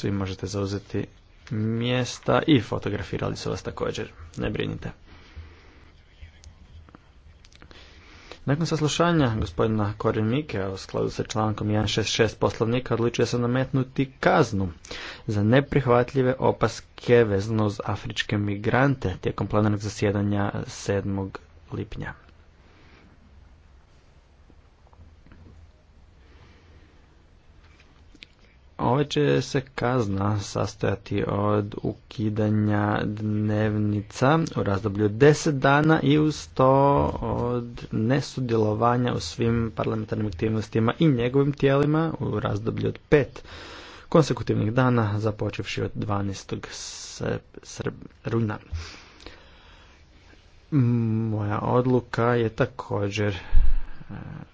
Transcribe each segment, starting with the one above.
Svi možete zauzeti mjesta i fotografirali su vas također. Ne brinite. Nakon saslušanja gospodina Korin Mike u skladu sa člankom 166 poslovnika odlučio se nametnuti kaznu za neprihvatljive opaske vezano uz afričke migrante tijekom plenarnog zasjedanja 7. lipnja. Ove će se kazna sastojati od ukidanja dnevnica u razdoblju 10 dana i uz to od nesudjelovanja u svim parlamentarnim aktivnostima i njegovim tijelima u razdoblju od 5 konsekutivnih dana započevši od 12. rujna. Moja odluka je također e,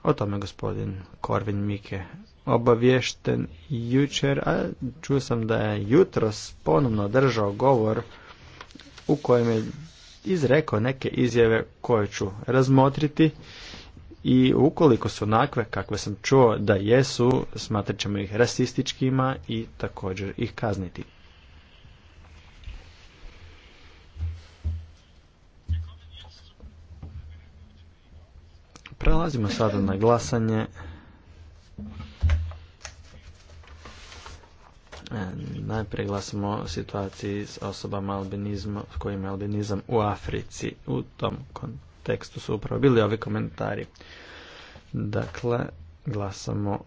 o tome gospodin Korvin Mike obavješten jučer, a čuo sam da je jutros ponovno držao govor u kojem je izrekao neke izjave koje ću razmotriti i ukoliko su onakve kakve sam čuo da jesu, smatrat ćemo ih rasističkima i također ih kazniti. Prelazimo sada na glasanje E, najprije glasamo o situaciji s osobama albinizma, kojima je albinizam u Africi. U tom kontekstu su upravo bili ovi komentari. Dakle, glasamo